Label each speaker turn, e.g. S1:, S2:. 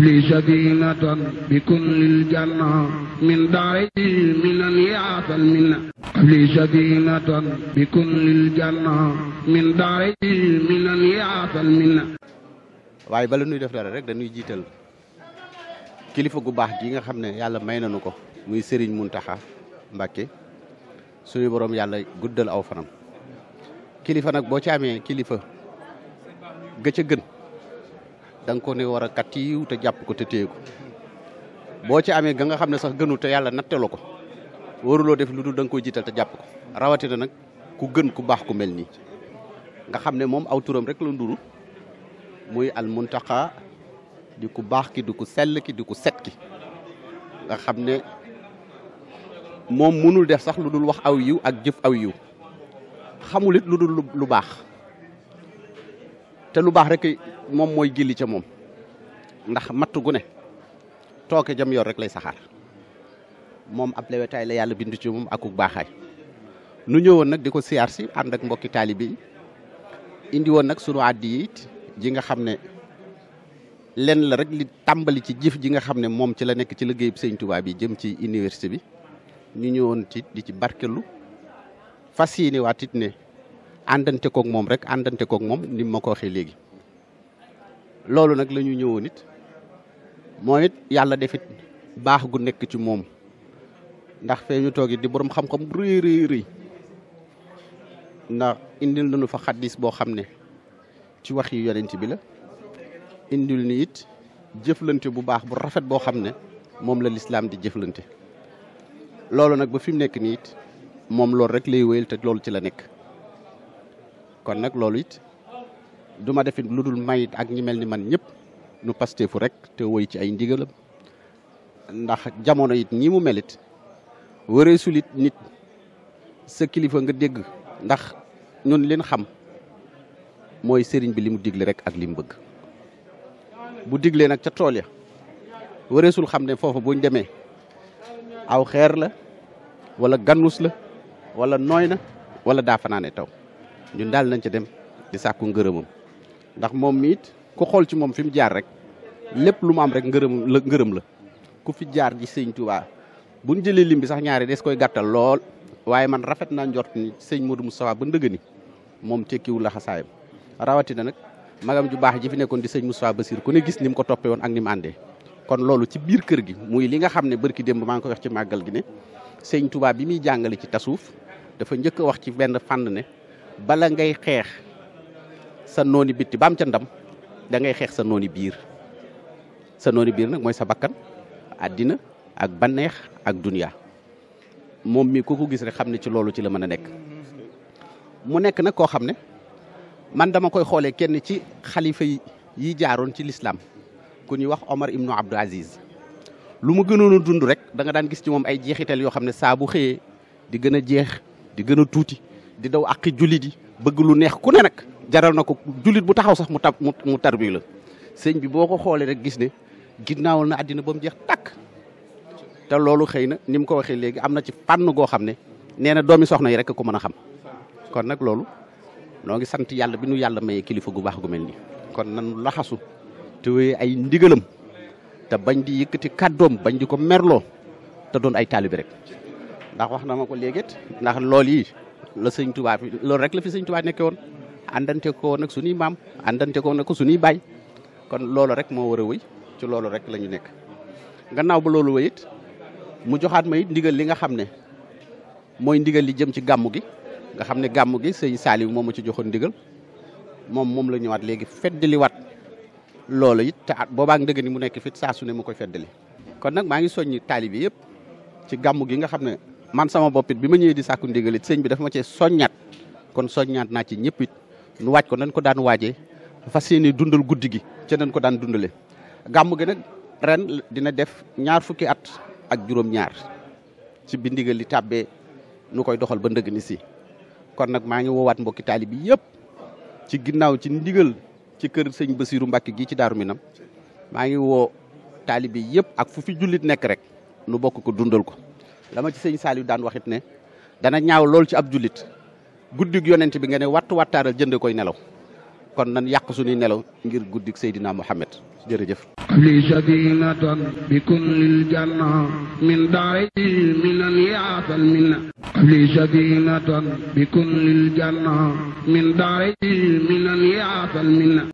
S1: li safinatan bi waaye bala nuy def rek dañuy jiital kilifa gu baax gi nga xam ne yàlla may nañu ko muy sëriñ Muntaxa Mbàkke suñu borom yàlla guddal aw fanam kilifa nag boo ci amee kilifa ga ca da nga ko ne war a kat yiw te jàpp ko te téye ko boo ci amee ga nga xam ne sax gënu te yàlla nattelu ko waruloo def lu dul da nga koy jiital te jàpp ko rawatina nag ku gën ku baax ku mel nii nga xam ne moom aw turam rek lu nduru muy al muntaqa di ku baax ki di ku sel ki di ku set ki nga xam ne moom mënul def sax lu dul wax aw yiw ak jëf aw yiw xamul it lu dul lu baax te lu baax rek moom mooy gilli ca moom ndax matt ne tooke jam yor rek lay saxaar moom ab lewetaay la yàlla bindu ci moom akuk baaxaay nu ñëwoon nag di ko siyaar si ànd ak mbokki taalibe yi indi woon nag sunu àddi yi ji nga xam ne lenn la rek li tàmbali ci jëf ji nga xam ne moom ci la nekk ci liggéeyub Sëñ Tuubaa bi jëm ci université bi ñu ñëwoon ci di ci barkelu fas yéene waat it ne àndante kook moom rek àndante kook moom ni ma ko waxee léegi. loolu nag la ñu ñëwoon it it yàlla defit baax gu nekk ci moom ndax fee ñu toog di borom xam-xam bu rëy rëy ndax indil nañu fa xaddis boo xam ne ci wax yu yonent bi la indil ni it jëflante bu baax bu rafet boo xam ne moom la lislaam di jëflante loolu nag ba fi mu nekk nii moom loolu rek lay wéyal te loolu ci la nekk kon nag loolu du ma defit lu dul mayit ak ñi mel ni man ñëpp nu pasteefu rek te woy ci ay ndigalam ndax jamono it ñi mu melit wëreesul nit sa kilifa nga dégg ndax ñun leen xam mooy sëriñ bi li mu digle rek ak li mu bëgg bu diglee nag ca tool ya wëreesul xam ne foofa buñ demee aw xeer la wala gannus la wala nooy na wala daa fanaane taw ñun daal nañ ca dem di sàkku ngërëmam ndax moom mi it ku xool ci moom fi mu jaar rek lépp lu mu am rek ngërëm la ngërëm la ku fi jaar ji sëñ Touba bu ñu jëlee lim bi sax ñaari des koy gàttal lool waaye man rafet na njort sëñ sëñ Modou Moustapha ba ndëgëni moom tekkiwul la xasaayam rawatina nag magam ju baax ji fi nekkoon di sëñ Moustapha Basir ku ne gis ni mu ko toppee woon ak ni mu kon loolu ci biir kër gi muy li nga xam ne barki démb maa ngi koy wax ci màggal gi ne sëñ Touba bi muy jàngale ci tasuuf dafa njëkk a wax ci benn fànn ne bala ngay xeex sa nooni bitti ba am ca ndam da ngay xeex sa nooni biir sa nooni biir nag mooy sa bakkan àddina ak banneex ak duniya moom mi ku ko gis rek xam ne ci loolu ci la mën a nekk mu nekk nag koo xam ne man dama koy xoolee kenn ci xalifa yi jaaroon ci lislaam ku ñuy wax Omar ibnu Abdou Aziz lu mu gënoon a dund rek da nga daan gis ci moom ay jeexital yoo xam ne saa bu xëyee di gën a jeex di gën a tuuti di daw àqi jullit yi bëgg lu neex ku ne jaral na ko jullit bu taxaw sax mu tab mu tarbi la sëñ bi boo ko xoolee rek gis ne ginnaawal na àddina ba mu jeex tàkk te loolu xëy na ni mu ko waxee léegi am na ci fànn goo xam ne nee na doomi soxna yi rek ko mën a xam kon nag loolu noo ngi sant yàlla bi nu yàlla mayee kilifa gu baax gu mel nii kon nanu laxasu te wéy ay ndigalam te bañ di yëkkati kàddoom bañ di ko merloo te doon ay taalibe rek ndax wax na ma ko léegi ndax loolu yi la sëñ Tuubaa bi loolu rek la àndante ko nag suñuy maam àndante ko nag suñuy baay kon loolu rek moo war a wëy ci loolu rek la ñu nekk. gannaaw ba loolu wëy mu joxaat ma ndigal li nga xam ne mooy ndigal li jëm ci gàmm gi nga xam ne gàmm gi sëñ Saliou moom ma ci joxoon ndigal moom moom la ñëwaat léegi feddaliwaat loolu it te at boobaag ndëgg ni mu nekk fit saa sune mu koy feddali. kon nag maa ngi soññi taalibe yëpp ci gàmm gi nga xam ne man sama boppit bi ma ñëwee di sàkku sëñ bi dafa ma cee soññaat kon soññaat naa ci ñëpp nu waaj ko nañ ko daan waaje fas yéene dundal guddi gi ca nañ ko daan dundale gàmm gi nag ren dina def ñaar fukki at ak juróom-ñaar ci bi ndigal li tàbbee nu koy doxal ba ndëgg si kon nag maa ngi woowaat mbokki taali bi yëpp ci ginnaaw ci ndigal ci kër sëñ Basiiru Mbàkke gi ci Daaru Minam maa ngi woo taali bi yëpp ak fu jullit nekk rek nu bokk ko dundal ko la ma ci sëñ Saliou daan waxit ne dana ñaaw lool ci ab jullit guddig yonent bi nga ne wattu wattaaral jënd koy nelaw kon nan yàq suñuy nelaw ngir guddik Seydina Muhammad jërëjëf li sadinatan bi kullil janna min daari minan yaasal minna li sadinatan bi kullil janna min daari minan yaasal minna